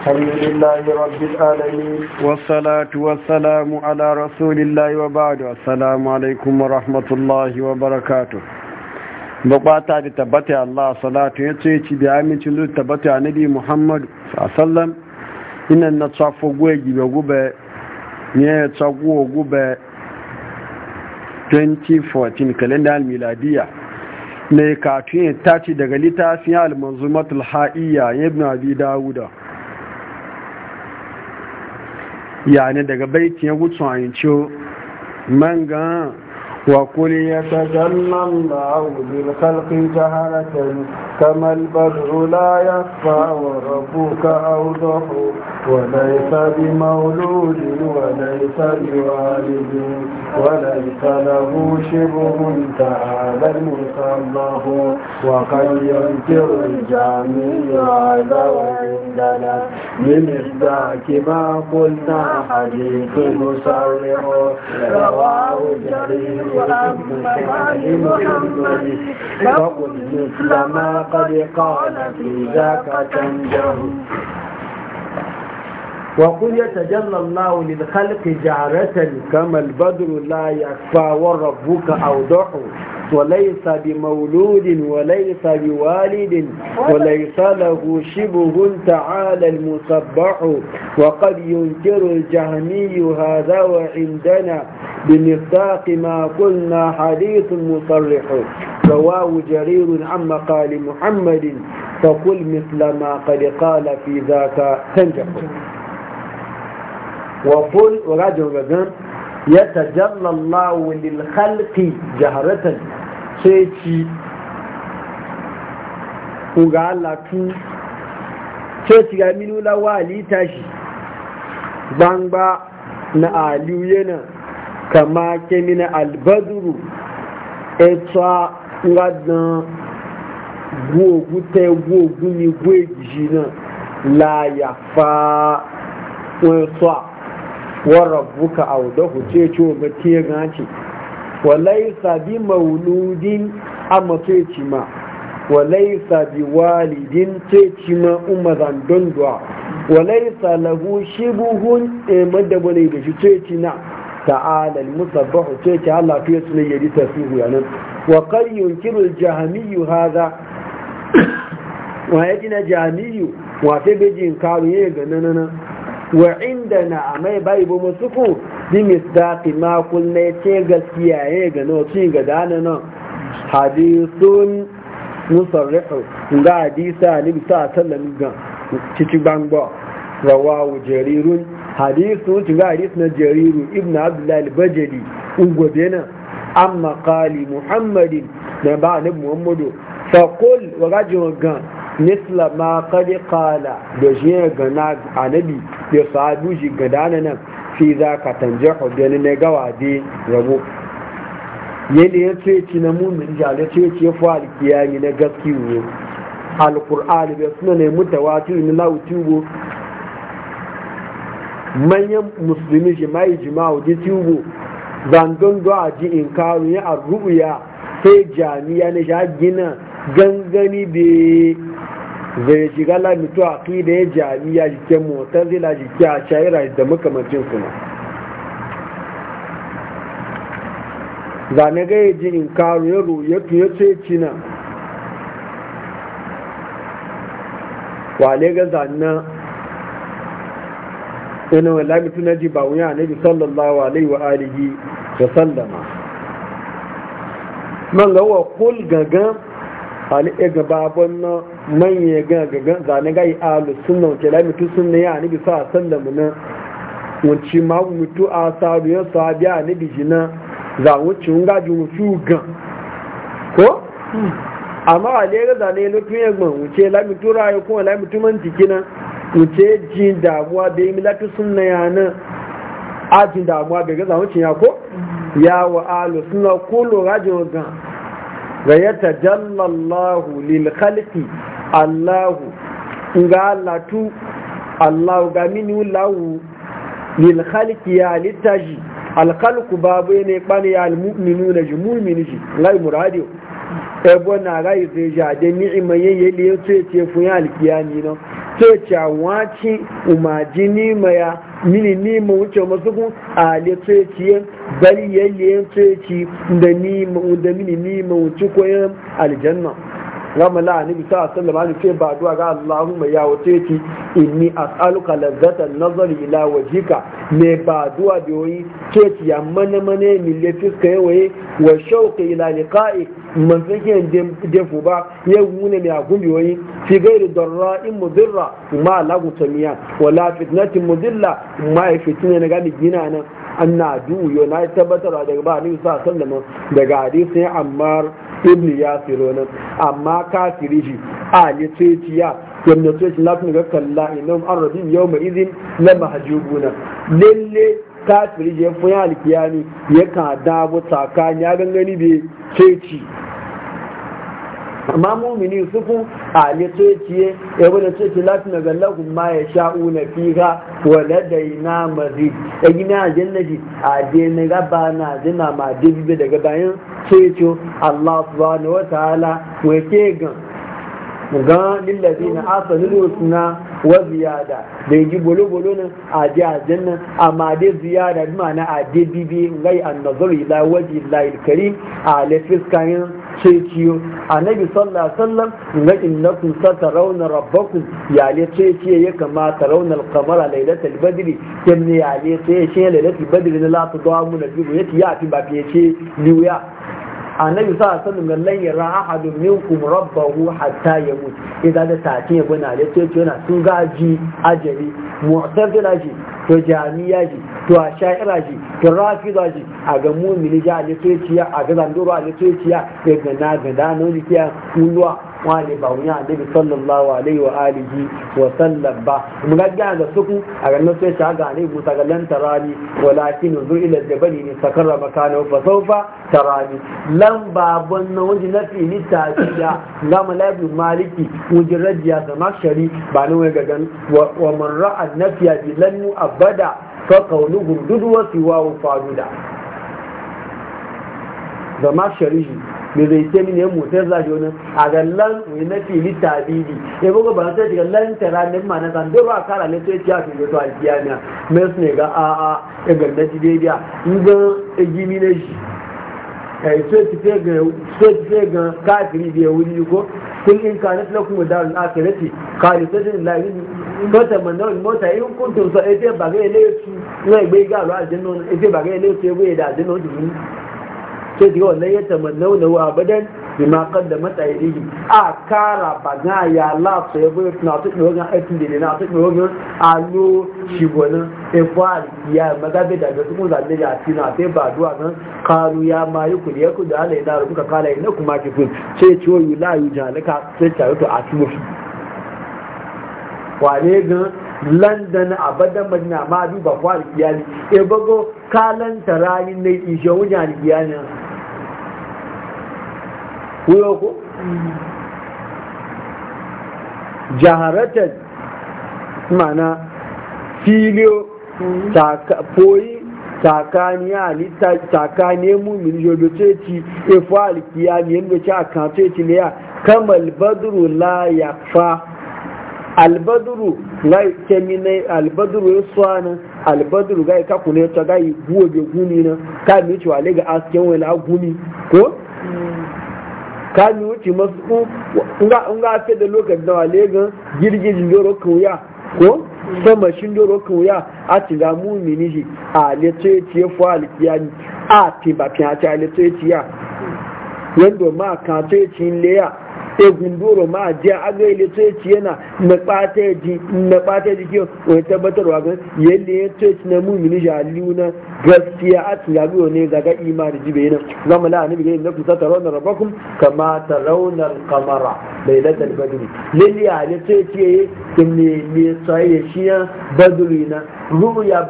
الحمد لله رب العالمين والصلاة والسلام على رسول الله وبعد السلام عليكم ورحمة الله وبركاته bukata da tabbata Allah salatu ya ce ci da amincin zuwa tabbata nabi Muhammad sallam ina na tsafo gibe gube ne ya tsago 2014 kalendar miladiya ne katun ya daga littafin al-manzumatul ha'iyya ibn abi da'uda. yani daga baitin ya wuce a yin man gan وقل يتجلى الله بالخلق جهلة كما البدع لا يخفى وربك أوضح وليس بمولود وليس بوالد وليس له شبه تعالى المصلح وقد ينكر الجميع هذا وعندنا بمصداق ما قلنا حديث مصرح رواه جرير وأما محمد فقل مثل ما قد قال في ذاك تنجو وقل يتجلى الله للخلق جعرة كما البدر لا يكفى وربك أوضح وليس بمولود وليس بوالد وليس له شبه تعالى المسبح وقد ينكر الجهمي هذا وعندنا بمصداق ما قلنا حديث مصرح رواه جرير عن مقال محمد فقل مثل ما قد قال في ذاك تنجح وقل وراجع وغان يتجلى الله للخلق جهرة سيتي وغالا تو سيتي غامينو لوالي تاشي بانبا نعاليو ينا كما كمين البدر etwa nga dan gwo ogute gwo ogun ni gwo ejiji náà láyàfà wọn ẹ̀tọ́ à warabuka rabbuka awdahu ce ce wa matiya gaci wa laysa bi mauludin a mace ci ma walai sabi walidin ce ci ma umma zan dondwa wa laysa shi buhun e da bane da shi ce ci na ta'ala musabba musabbahu ce ci Allah fi sunan yadi tasihu nan. wa karyon kirul al haza. wa yajina jahmiyyu wa tabe jin karu ye gananana wa inda na a mai bai bu musuku bi misdaqi ma kullu ce gaskiya ya ga no ci ga dana nan hadithun musarrihu ga hadisa ni bi ta sallam ga cici gbangba, rawawu jarirun hadithu ci ga hadith na jariru ibn Abdullahi al-bajali ugobe nan amma qali muhammadin na ba ni muhammadu fa qul wa gajin gan misla ma kadi kala da shi gana anabi da sahabu shi gada nan fi za ka tanje hudani na gawa dai rabo yadda ya ce ci na mumin jale ce ce fa na gaski alkur'ani bai suna ne mutawatir na lautubo manyan musulmi jima'i jima'u ji tubo zangon a ji in karu ya a ya? sai jami'a na sha gina gangani bai zai ji gala mito a fi da ya jami'a jike motar zila jike a shayira da makamacin suna zane ga ya ji in karu ya roye tuye tuye na wale ga zane ina wa mitu na ji ba wuya na bi sallallahu alaihi wa alihi wa sallama man ga wa kul gagan hali ega babon na manye ga gagan zane ga yi alu suna wuce la mutu suna ya ni bi sa sallamu na wuce ma mutu a saru ya sahabi a ni bi na za wuce wunga ji wuce gan ko amma hali ega zane lokacin ya e yagba wuce la mutu rayu kuma la mutu man na wuce ji damuwa da yi milatu na ya na ajin damuwa bai ga za wuce ya ko ya wa alu sunna ko lura jin gan ga ya tajalla lil khalqi Allahu ga latu Allahu ga minu lawu lil khalqi ya litaji al khalqu babu ne ya al mu'minuna ji mu'mini ji lai muradio e bona rai zai ja de ni'ima yayi le yace fu ya al kiyani no ce cha wachi umajini maya mini nima wuce masu kun a le yan bari yalle yan tsoyeci da mini nima wuce koyan aljanna gama la ni bisa sallam an ce ba duwa ga Allahumma ya wace ki inni as'aluka ladzata nazari ila wajika me ba da biyoyi ce ki ya mana mana mi le fiska yawaye wa shauqi ila liqa'i man tsakiyan defu ba ya wune mai hakun biyoyi fi gairi darra in mudirra ma lagu tamiya wala fitnatin mudilla ma ya fitina na gani gina nan an na duwu yau na tabbatar daga ba ni sa sallama daga hadisin ammar ya yasiro nan amma kafiri shi a ne tsaciya yamma tsaci lafi ga kalla inam an yau mai izin na mahajubuna lalle kafiri ya fi alkiyami ya kan dabo tsakani ya gangani bai ceci amma mumini sufu a ne ceci ya wani ceci lati na gallakun ma ya sha'u na fiha wa ladai na mazi ya gina a jannati a je na gaba na jina ma dibibe daga bayan ceci allah subhanahu wa ta'ala wa ke gan ga lillazina asalul husna wa ziyada da yi bolo bolo nan a je nan amma dai ziyada ma na a dai bibi ngai an nazaru ila waji lail karim a lafis kayan sai ciyo annabi sallallahu alaihi wasallam ga innakum satarawna rabbakum ya le sai ya kama tarawna al lailatul badri kin ya le sai lailatul badri la tudamu na biyu yati ya fi ba fiye ce liya annabi sa sallam ga lan yara ahadun minkum rabbahu hatta yamut idan da take bana da ce yana sun gaji ajali mu'tazilaji to jami'a ji to a sha'ira ji to rafiza ji a ga mumini ji a litociya a ga zandoro a litociya ya ga na ga dano likiya kuluwa wani ba wani annabi sallallahu alaihi wa alihi wa sallam ba mu ga ga suku a ga nan sai ga ne mu ta galan tarani walakin zu ila jabali ne sakarra makana fa sawfa tarani lan babun na wani fi ni tafiya ga malabi maliki wajin rajiya da makshari ba ne wai ga gan wa man ra'a nafiya bi lan mu abada fa qawluhum dudwa siwa da ma sharihi me zai ce mini yan motar zaje wani a ga lan wani na fili tabidi ya buga ba sai daga lan tara ne ma na san da a kara ne sai ya fi zuwa alkiya ne me su ne ga a a ya ga da jidebiya in ga egimi ne shi kai eh, sai ti fe ga sai ti ga kafiri biya wuri ko kun in kana na kuma akhirati qalitatun la ilaha kọ́tà mọ̀nà ìmọ̀ta yìí kò tó sọ etí ìbàgẹ́ ilé ètú ní ẹgbẹ́ igá àlọ́ àdínú etí ìbàgẹ́ ilé ètú ewé ìdá àdínú ti mú ṣé ti wọ̀ lẹ́yẹ tẹ̀mọ̀ náà lọ́wọ́ àbẹ́dẹ́ ìmọ̀ akọ́dà mọ́ta yìí yìí àkàrà bàgán àyà aláàfọ̀ ẹgbẹ́ ìfúnà àtúnyẹ̀wọ̀gán ẹtùlélẹ̀ náà àtúnyẹ̀wọ̀gán alo ṣìbọ̀ náà ẹ̀fọ́ àyà mọ́tàbẹ́dà àjọṣepọ̀ àlejò àti náà àti bàdúrà náà kàrú ya máa yókù ní ẹkùn dáhàlẹ̀ náà rẹ̀ kúkà ẹ̀ náà kùmà kìfún ṣé tí ó yù láàyè jà lẹ́ka ṣé tàyẹ̀tọ̀ àti mọ́fì. wane gan london abadan madina ma bi ba kwa alkiyani e bago kalan tarayin ne ishe wuce alkiyani kuyo ko jaharatar mana filiyo foyi tsakani halitta tsakani mu min jobe ce ci e fo alkiyani yanda ce akan ce ci ne ya kamal badru la yakfa albaduru gai kemine albaduru ya suwanin albaduru gai kakune ta gai buwa bai gumi na ka mi cewa wale ga asken wani a gumi ko ka mi wuce masu nga fe da lokacin da wale ga girgijin doro kauya ko sama shin doro kauya a ti ga mu mini shi a lece ce fuwa alkiya a ti ba fiye a ti a ya. ciya yadda ma kan ce le leya sai gunduro ma a jiya agaile sai ci yana na ɓata jiki wani tabbatarwa ga yadda ya ce na mumini jaliyu na gaskiya a tilabi ne zaga ima da jibe yana zama la ni bigayin na kusa taron na rabakun kama raunar kamara bai na talibadiri lalle a ne ce ce ya ne ne tsaye shi ya baduri na ru'uya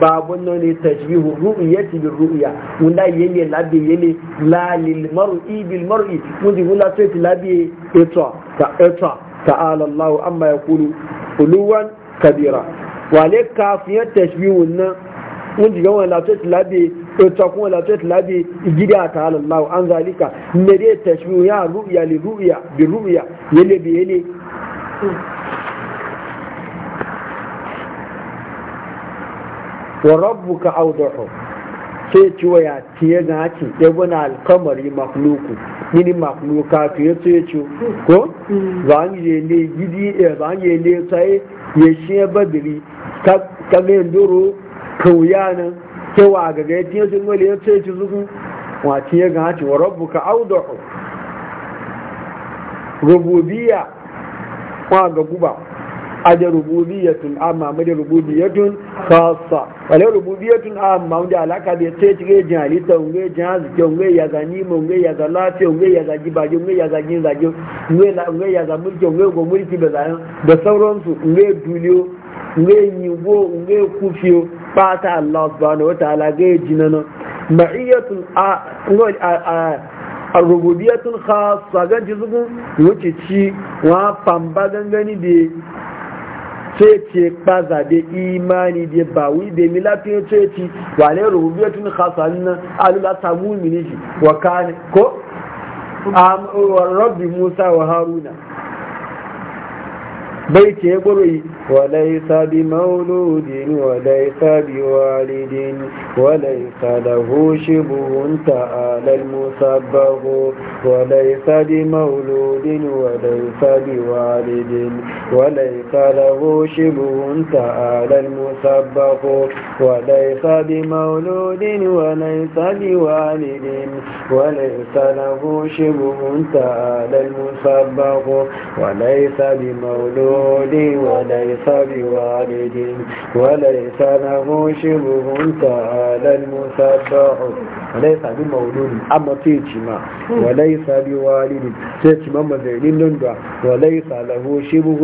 babun nan ne tajbihu ru'uya ti bin ru'uya wanda yi labi ne lalil mar'i bil mar'i wanda wula ce ti labi fihi ita ta ita ta'ala Allah amma ya kulu kuluwan kabira wale kafiyar tashbihun nan mun ji wani lafiya tilabi ita kuma lafiya tilabi igidi a ta'ala Allah an zalika ne dai tashbihun ya ru'ya li ru'ya bi ru'ya yele bi yele wa rabbuka awdahu sai ci ya tiye ga haki ɗabuna alkamari makuluku Ni makhluka to ya ce ci ko zan mm. a yi ne gidi zan eh, a yi ne tsaye ya shi ya badiri ta mai doro kauya nan wa ga ga ya sun wale ya ce ci zuku wa ya ga haki wa rabu ka rububiyya wa ga guba ada rububiyatun amma mu rububiyatun khassa wale rububiyatun amma mu alaka da ce cike jin halitta unge jin azike unge ya gani mu unge ya ga lafiya unge ya ga gibaje unge ya ga gin zage unge la unge ya ga mulki unge go mulki da zayan da sauransu unge duniyo unge nyugo unge kufiyo ba ta Allah subhanahu wa ta'ala ga jinana ma'iyatun a rububiyatun khassa ga jizugun wuce ci wa famba gangani da sai ce ba zabe imani da ba wi da mi lafiya sai ce wa ne rububiyatun khasan nan alula samu miniji wa ko am rabbi musa wa haruna bai ce goro وليس بمولود وليس بوالد وليس له شبه تعالى المسبه وليس بمولود وليس بوالد وليس له شبه تعالى المسبه وليس بمولود وليس بوالد وليس له شبه تعالى المسبه وليس بمولود وليس بوالد وليس له شبه تعالى المسبح وليس بمولود أما تيتما وليس بوالد تيتما مزيدين لندع وليس له شبه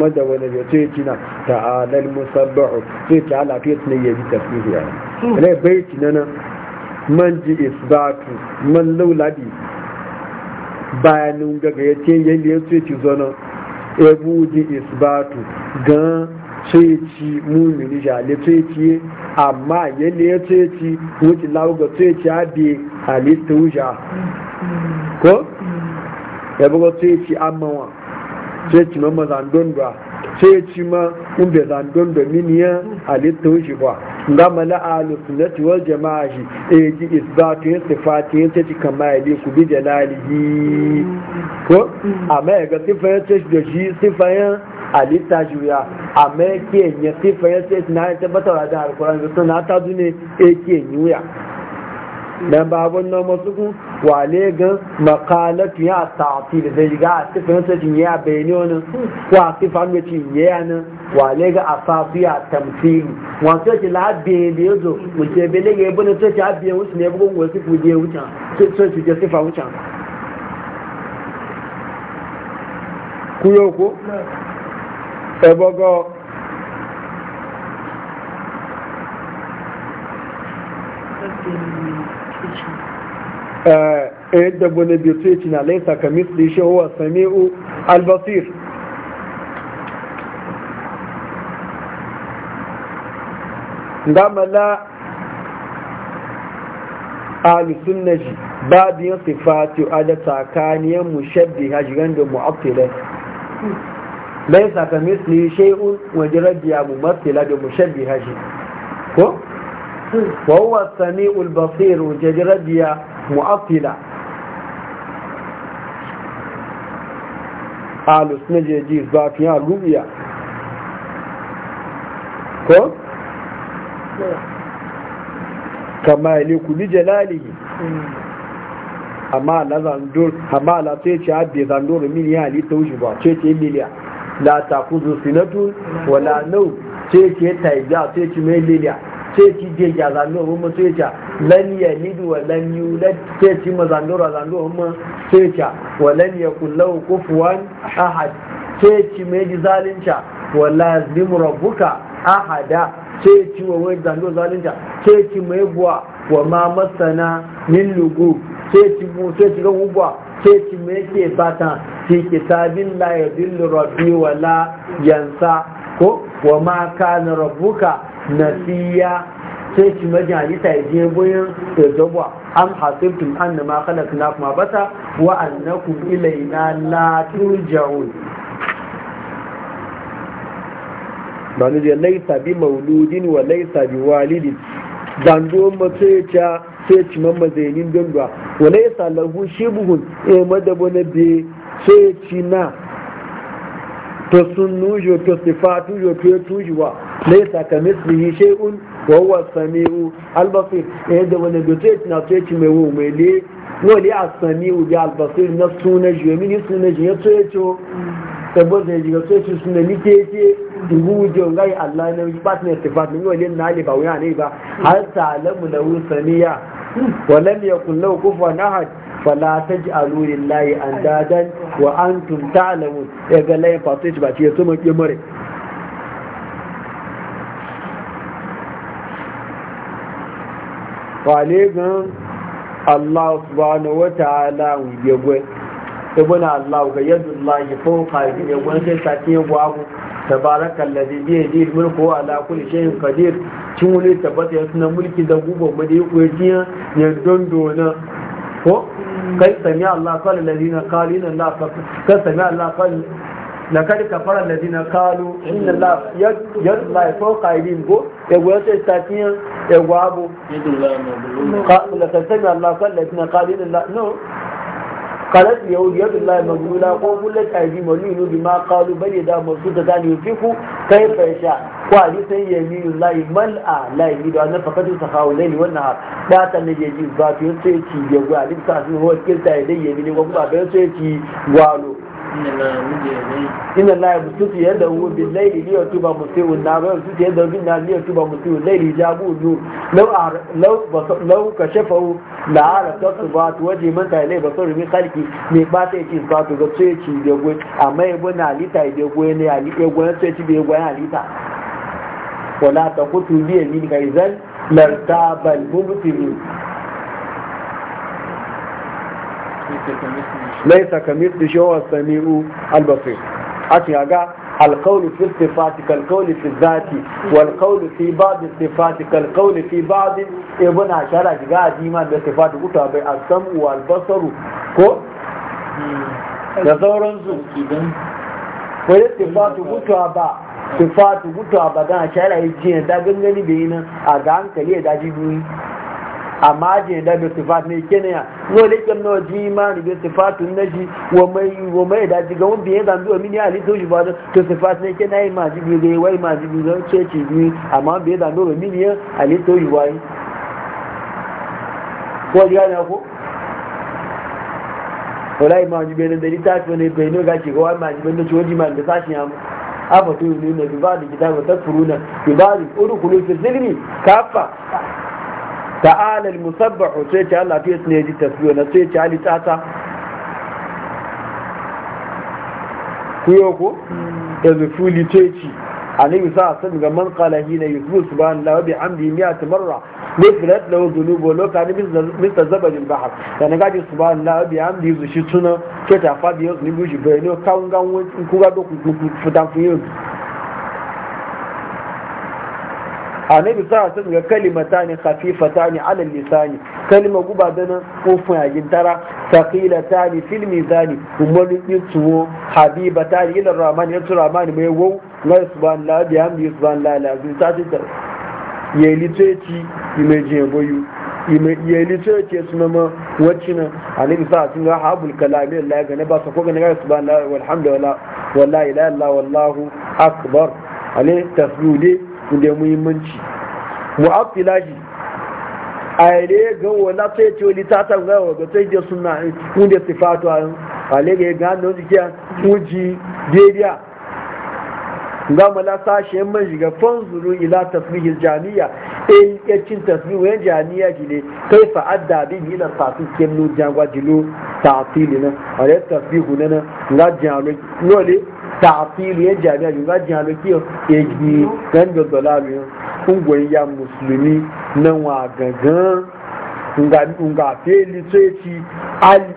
مدى ونبي تيتنا تعالى المسبح تيتنا على تيتنا يجي تفكيه يعني بيتنا من جي إثبات من لولدي bayanin gaga ya ce yadda ya ce ci zonon di isbatu gan sai ci mumini jale sai amma yadda ya sai ci wuce lauga sai ci abi halitta wuja ko ya mm. buga sai ci amma wa sai ci mamma zandon sai ya ci ma in bai zandon domin ya halitta shi ba ga mala alu sunnati wal jama'a shi e yi ji isbatu ya e sifati ya e ci kama ya ku bi jalalihi ko amma ya ga sifa ya ce da shi sifa ya halitta shi ya amma ya ke ya sifa ya ce na ya tabbatar da zuwa na ta zune ya ke ya dan babun nan masu kun wale gan makalatu ya tafi da zai ga a cikin ya bayani wani ko a cikin mutum ya yana wale ga asafu ya tamfiri wasu yake labiye da ya zo mutum bele ga ibi na soci abiye wuce ne bugun wasu kuje wucen soci ke sifa wucen kuyo ko ebogo Thank you. Eh, eh, yadda bane bai so ci na laisa ka misli shi huwa sami'u albasir gamala alusun na ji babiyan sifati a da tsakaniyar mushabbi ha shigan da mu'abtilai laisa ka misli shi'un wajen rabbiya mu matsila da mushabbi ha shi ko? وهو السميع sami'ul basir jajrabiya قال alus na jeji ba fi rubiya ko amma la zandor amma ce ce abbe zandor ya ta wuce ba ce ce miliyan la ta kuzu sinatu wala nau ce ce taiga ce ce mai liliya sai ki je ya zando kuma sai ta lan ya lidu wa lan yulad sai ci ma zando ra zando kuma sai ta wa lan yakul lahu kufuwan ahad sai ci mai ji zalunta wa lazim rabbuka ahada sai ci wa wai zando zalunta sai ci mai buwa wa ma masana min lugu sai ci mu sai ci ga buwa sai ci mai ke fata fi kitabin la yadillu rabbi wa la yansa ko wa ma kana rabbuka nasiya sai ki majin hadisa ya je goyon da jabwa am hasibtum anna ma khalaqnakum abasa wa annakum ilayna la turja'un bani je laisa bi mauludin wa laysa bi walidin dando mace ta sai ki mamma zainin dondwa wa laysa lahu shibhun eh madabo na be sai ci na to sunnu yo to sifatu yo to tujuwa laisa ka mislihi shay'un wa huwa samiu al-basir eh da wani bitrate na to yace mai wo mai le wo le as-samiu bi al-basir na suna je mini suna je yato yato tabo da jiga to yace suna ni ke yake dubu je ngai Allah na bi partner sifat ni wo le na le ba wani ne ba har salamu lahu samiya wa lam yakul lahu kufuwan ahad fala taj'alu lillahi lai ba ce to mai mare wale gan Allah subhanahu wa ta'ala ya gwe ibn Allah ga yadda Allah ya fauka ya gwe sai sake gwabu tabarakan ladhi bi yadihi mulku ala kulli shay'in qadir cin wani tabbata ya suna mulki da gubo ba da yake jiya ya dondo na ko kai sami Allah qala ladina qalina la ka sami Allah qala na kari fara da na kalu inda la ya la ko kaidin ya go ta tatiyan abu kalu la kan sai Allah kan da dina kalu inda no kalat yau ya da magula ko bulle kaidi mali no bi ma kalu bai da musu da dani fiku kai fa sha ko ali sai ya mi la mal a la yi da na fakatu ta kawle ni wannan da ta ne ji ba ta sai sai ci walu inna la yabsutu yadahu bil layli li yatuba musiu na ba yabsutu yadahu bin nar li yatuba musiu layli jabu ju law law law kashafahu la ala tasbat waji man ta ilay basar min khalqi me ba ta yake ba to ga sai ci da gwe amma yabo na alita da gwe ne ali da gwe sai ci da gwe alita wala taqutu bi yamin kaizan lartabal mubtimin laisa kamithli shay'un wa samiu al-basir ati aga al-qawlu fi sifati kal-qawli fi dhati wal-qawlu fi ba'd sifati kal-qawli fi ba'd ibn ashara diga da sifati kuta bai al-sam'u wal ko da sauran su ko da ba sifati kuta ba da shara yi jiya da gangani bai nan a ga hankali da jibi a je da bi sifat ne kene ya wo le kan no ji imani bi sifatun naji wa mai wa mai da ji ga wanda ya zambi wa mini ali to shi ba to sifat ne kene ai ma ji bi ga wai ma ji bi ga ce ci bi amma bi da no mini ya ali to shi wai ko ji ga ko wallahi ma ji bi da ta ce ne bai no ga ci ga wai ma ji bi da ci waji ma da sashi ya mu afa to ne ne bi ba da kitabu tafuruna bi ba da urukulu fi zilmi kafa ta'ala al-musabbahu sai ce Allah fiye ne ji tasbiyo na sai ce ali ku kuyo ko da zufuli sai ce annabi sa san ga man qala hina yusbu subhanallahi wa bihamdihi mi'at marra mithlat lahu dhunubu law kana mithla zabad al-bahr na gaji subhanallahi wa bihamdihi zu shi tuna ke ta fa biyo ni buji bayno kawungan ku ga doku ku fudan ku yau annabi sa sun ga kalimata ne khafifata ne alal lisani kalima guba da nan kofin yagin tara saqilata tani fil mizani kuma lubin tuwo Habiba tani ila rahman ya tura rahman mai wau la subhanallah bi hamdi subhanallah la azim ta ce ya liteci mai je boyu ya liteci su mama wacce nan annabi sa sun ga habul kalami Allah ga ne ba sa ko ga ne subhanallah walhamdulillah wallahi la ilaha illallah wallahu akbar alayhi tasbihu da muhimmanci mu'affila shi a yare ga wala sai ce wani tatan gawa ga sai da suna kun da sifatu a ale ga ga nan jike kuji dediya ga mala sashe man shiga fanzuru ila tasbihil jami'a in e yacin tasbih wayan jami'a gile kai fa adda bi ila tasil kemno jangwa jilo tasil na ale tasbihu na na ga jalo nole ta'til ya jami'a bi ga jihalo kiyo ya gi ya musulmi nan wa gangan nga nga feli tsoci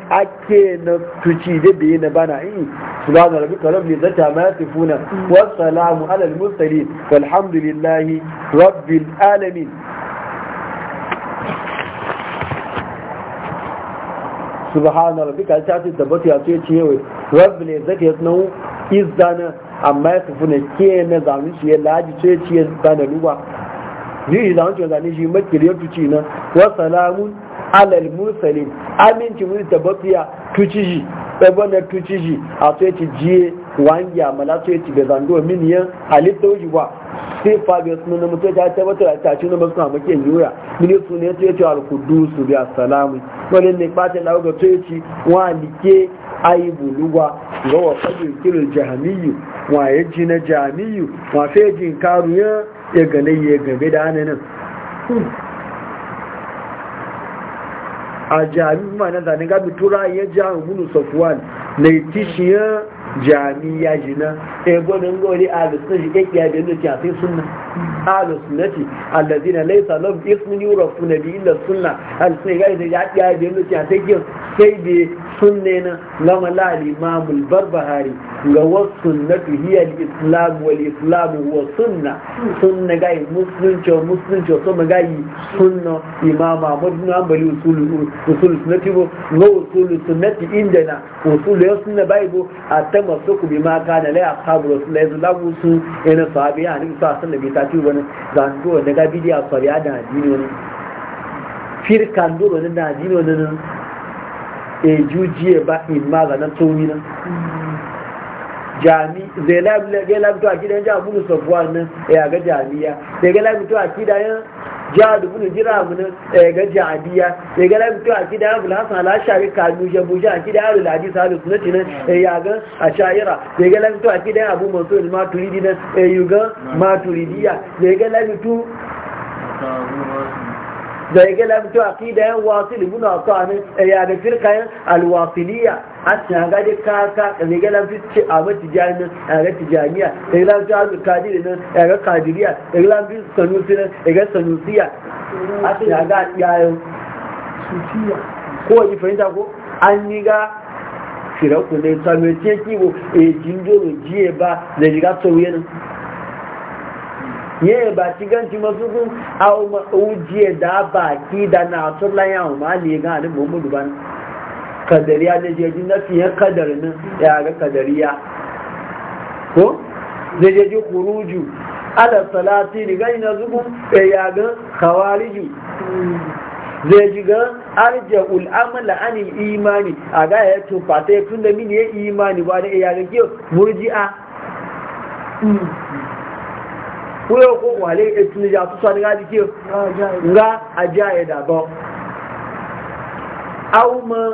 ake na tuci da bai na bana in subhana rabbika rabbil izzati amma yasifuna wa salamu ala al mursalin walhamdulillahi rabbil alamin subhana rabbika ta tabbata ya ce ce rabbil izdana amma ya tafi na ke na zamu shi ya laji ce ci ya zana ruwa ni yi zamu ce zane shi makiriyar tuci na wa salamun alal mursalin aminci wuri tabbafiya tuci shi ɗabbanar tuci shi a ya ci jiye wangi a mala ya ci da zando miniyan halitta wuji ba sai fabio suna na mutum ta tabbatar a tashi na basu hamake yiwuya mini su ne ya ci alkudu su biya salamu wani ne ɓata lawa ga ya ci wa like ayi buluwa ga wasu kirin jami'u wa ya ji na jami'u wa fi jin karu ya ya gane ya gabe da hannun nan hmm. a jami'u ma na zane gabi tura ya ji hannun gunu safuwan na tishiyar jami'a jina ya e, gwanin gori a da sun shi kekiya da yanzu kyafin sunna suna sunnati allazina na lahum ismun yurafuna bi illa sunna al sai ga da ya ya da yanzu kyafin sai da sunne na lama lali mamul barbahari ga wasu na hiya al-islam wal islam wa sunna sunna gai musulunci wa musulunci wa sunna gai sunna imama ahmad ibn hanbali usul usul sunnati bo ga usul sunnati na usul ya sunna bai bo atamassuku bima kana la ashabu rasulullahi sallallahu alaihi wasallam yana sahabi ya ni sa sunna bi ta wani zanto daga bidiya fariya da addini wani firkan duro na addini wani eju ba in ma ga nan tsomi nan jami zai labito a kidan ja bunu sabuwa nan ya ga jami'a zai ga labito a kidan da jira jiramu nan ya ga jami'a zai ga labito a kidan abu hasan alashari kanu jabuja a kidan haru ladi salu sunati cinan ya ga shayira zai ga labito a kidan abu masu maturidi nan ya yi ga maturidiya zai ga labito da ya gala mutu a fi da yan wasil ibn asani ya da firkayen alwasiliya a cikin ga da kaka da ya gala mutu ce a mati jami'a a ga tijaniya da ya gala mutu a kadiri nan ya ga kadiriya da ya gala mutu sanusi nan ya ga sanusiya a cikin yayin ko yi fahimta ko an yi ga firaku ne samun ce kiwo a jindoro jiye ba da riga sauye nan yẹn bàtí gẹ́ǹtì mọ́ tuntun àwọn oúnjẹ ẹ̀dá bàtí ìdáná àtúnláyà àwọn ma lè e gan àdé mọ́mọ́ lùbá ní kàdàríyà lẹ́jẹ̀ẹ́jú náà fi kadari nan ya ga kadariya ko je lẹ́jẹ̀ẹ́jú ala salati ni riga ina zubu e ya ga khawariju zai ji ga arja ul'amala anil imani a ga ya tufata ya tun da mini ya e imani ba da ya ga murji'a hmm. kúrò kó wà lé ètò ìjà àtúnṣà ní láti kí o ajá ẹ̀dà gan. Àwùmọ̀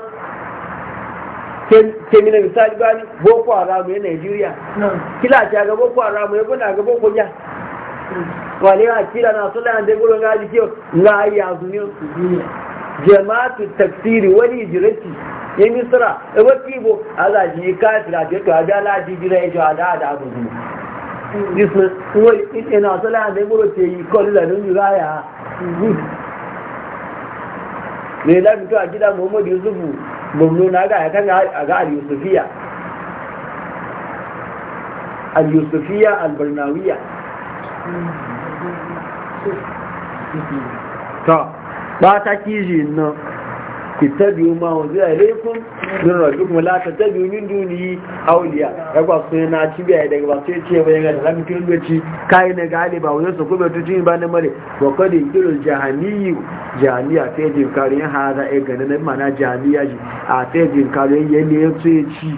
ní Boko Haram ní Nàìjíríà. Kí láti àga Boko Haram ní kó nàga Boko jà? Wà lé àkíra náà sọ́lá àǹdé gbọ́dọ̀ ní láti kí o ayé àzùn ní oṣù Júlíà. Jama'atu tafsiri wani hijirati ya misira, ewé kíbo, aláàjì káàkiri àjẹtò àjọ aláàjì jìrẹ́ ẹjọ́ àdáàdá àbùkù. nísìn wọ́n ìṣẹ̀nà àtọ́lẹ̀ àdébòrò tẹ yìí kọ́ nílẹ̀ lórí ráyà good lè na àjídá muhammadu yusufu albarnawiya ta ba ta kiji náà ittabi'u ma unzila ilaykum min rabbikum la tattabi'u min dunihi awliya yagwa sun yana ci biya daga ba sai ce bayan da lamu kin doci na gali ba wajen su kuma tutun ba na mare wa kad yidul jahaniyu jahaniya ta jin karin hada e ganin na mana jahaniya ji a ta ya ci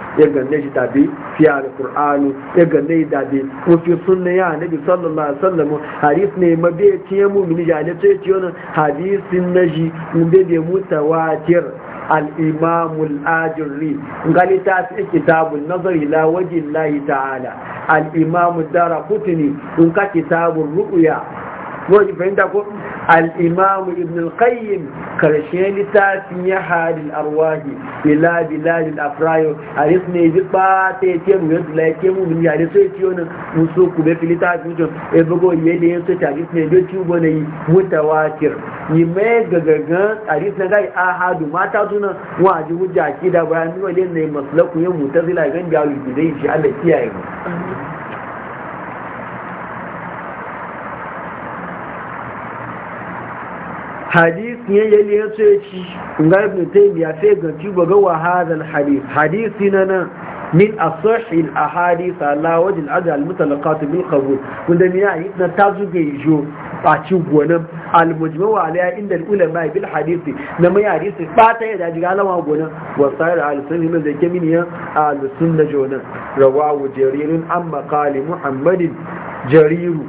ya ganne shi tabi fi alqur'ani ya ganne shi tabi ko fi sunna ya nabi sallallahu alaihi wasallam hadis ne mabe tiye mu mini jale ce ce wannan hadisin naji mun be be mutawatir al-imam al-ajri ngali ta fi kitabun nazar ila wajhi Allah ta'ala al-imam ad-darqutni in ka kitabun ru'ya ko ji fahimta ko الإمام ابن القيم كرشين لتاتي يحال الأرواح إلى بلاد الأفراي أرسنا يجبات يتيم ويطلع يتيم من يارسو يتيون مسوك بيك لتاتي يجب يبقو يدي يسو تارسنا يتيم بني متواتر يميز غغغان أرسنا غاي آهاد ما تاتونا واجه جاكي دابرانو لين مسلك يمتزل أغن جاوي بديشي على تيائم hadisi ya yi ya ci ga ibn taymiya sai ga ci ga wa hadal hadith hadisi na nan min asahil ahadith ala wajin ajal mil bil qabul wanda ya yi na tazu ga jo a ci gonan al mujmaw alaya inda al ulama bil hadith na mai hadisi ba ta yada jiga alama Wasu wa sa'ir al sunni min da keminiya al sunna jonan rawahu jarirun amma qali muhammadin jariru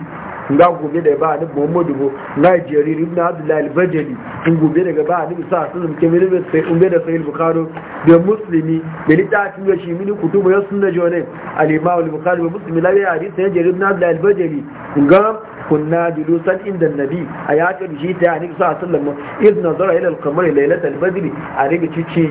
nga gobe da ba ni muhammadu bo nga ibn Abdullah al-bajali in gobe daga ba ni sa sun ke mini be sai umbe da sahih bukhari da muslimi da tun da shi mini kutubu ya sunna jone al-imam al-bukhari wa muslimi la ya hadith ya jerir ibn Abdullah al-bajali nga kunna julusan inda nabi a ya ce shi ta yani sa sallam iz nazara ila al-qamar laylat al-badr a riga cici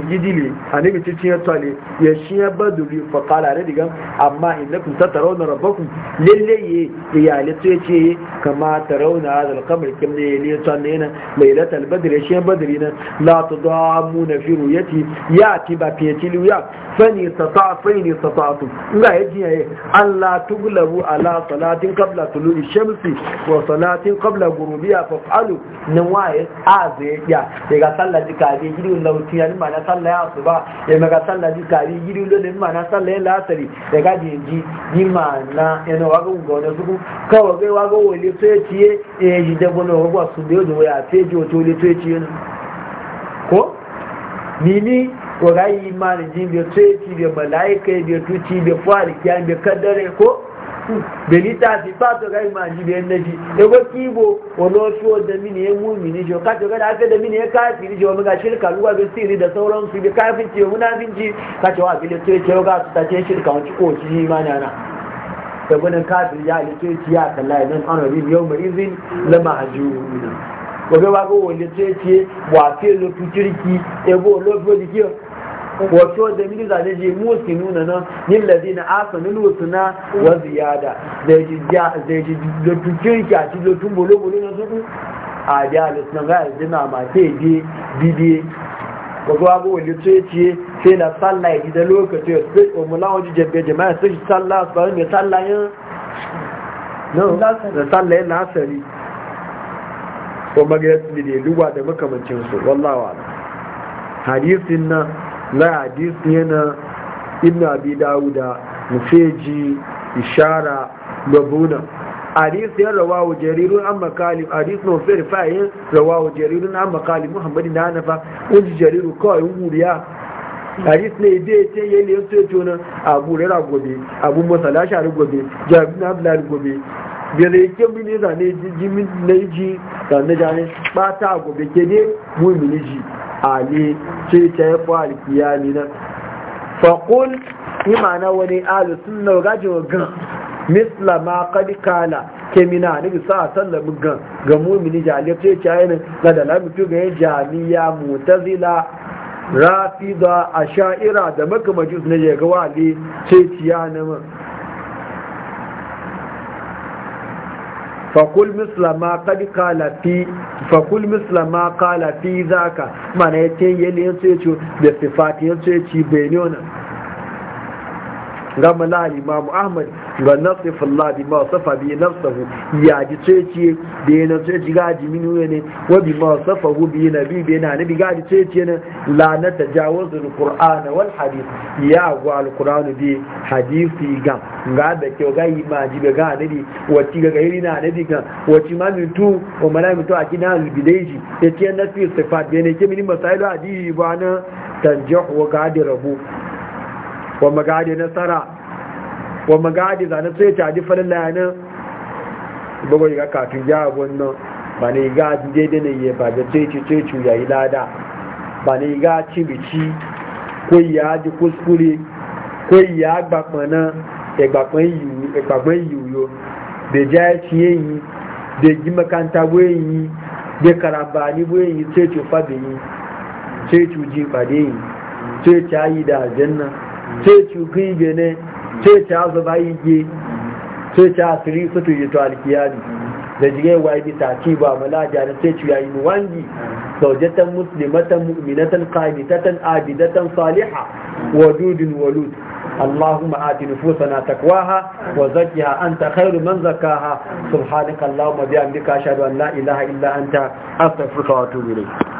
a riga cici ya tale ya shi ya badri fa qala ne diga amma innakum tatarawna rabbakum lalle ye ya le ce ce kama tarawna hadha al-qamar kim ne ne tale na laylat al-badr shi ya badri na la tudamuna fi ruyati ya ti ba fiyatilu ya fani tata fani tata ga yaji Allah tuglabu ala salatin qabla tulu'i shamsi wa salatin qabla gurubiya fa fa'alu nan waye a zai ya daga sallah dika bi gidu lauti ya ma na sallah ya suba ya maga sallah dika bi gidu lo ni mana sallah la asri daga ji ni mana na eno wago go na su ka wago wago wole sai ciye e jide bono wago su de do ya teji o to le to ciye ko nini wa ga yi jin ji sai ci be malaika be tuti be fari kyan be kadare ko beli ta fi pato ga ima ji bi enneji ego kibo ono da mini e mumi ni jo ka ga da fe da mini e ka fi ni jo ga shirka ruwa ga siri da sauran su bi ka fi ci mu fi ci ka wa bile to ga ta ce shirka ko ci ma na na da gudun kafin ya ali ci ya nan an rabi yau mai izin la mahjuruna ko ga wa go wa fi lo tu kirki ego lo wato da mini zane je musu nuna nan yin lazi na asa nuna suna wa ziyada zai ji lotun ki a cikin lotun bolo-bolo na suku a da alisunan ga yanzu na mace je bibiye gbogbo abu wani tó yẹ sai na tsalla ya gida lokaci sai omula wajen jabbe jama'a sai tsalla su bari mai tsalla yin no da tsalla yin nasari ko magana su ne luwa da makamancinsu wallawa hadisin nan na hadisi yana ibn abi dawuda mufeji ishara babuna hadis ya rawahu jarirun an makali hadis no fer rawa rawahu jaririn an makali muhammad da hanafa uji jariru kawai wuriya hadis ne dai ce ya ne so ya tona abu rera gobe abu masala shari gobe jabin abdullahi gobe bele ke mini da ne ji min zane ji da ba ta gobe be ke ne mu mini ji ali ce ta ya kwa alkiya ni na fa qul imana wani ahlus sunna ga gan. ga misla ma kadi kala ke mina ni sa sallam gan ga mu mini a ne ce ta ya ne ga da lamu tu ga ya jamiya mutazila rafida ashaira da makamajus ne ya ga wali ce ciya ne fakul misla ma kadi kala fi fakul misla ma kala fi zaka mana yace yele yace da sifati ya ci gama na imamu ahmad ga nasifullah bi ma safa bi nafsahu ya ji ceciye da ya nace ji gaji wuya ne wa bi ma safa hu bi na bi na bi gaji ceciye ne la na al alquran wal hadith ya wa alquran bi hadisi ga ga da ke ga ji ga ga bi wati ga gairi na bi ga wati ma min tu o mana min tu akina al bidaiji e yake nafi safa bi ne ke mini masailu hadisi ba na tanjih wa gadi rabu wa magadi nasara wa magadi zane sai ta di falin layanin gbogbo yi ga kafin ya abun nan ba ne ga daidai ne ya ba da sai ci sai ci ya yi lada ba ne ga ci ci ko ya ji kuskure ko ya gbapon nan egbapon yiwuyo da ja ci yi da ji makanta wayi da karambani wayi sai ci fabi yi sai ci ji fade yi sai ci ayi da aljanna ceci kuyi bene ci a zuba yake ci a siri sutu yi to alkiyari da jirai wa yi ta ci ba malaja na ceci ya yi wangi saujatan musulmatan mu'minatan qanitatan abidatan saliha wa dudun walud اللهم آت نفوسنا تقواها وزكها أنت خير من زكاها سبحانك اللهم بحمدك أشهد أن لا إله إلا أنت أستغفرك وأتوب إليك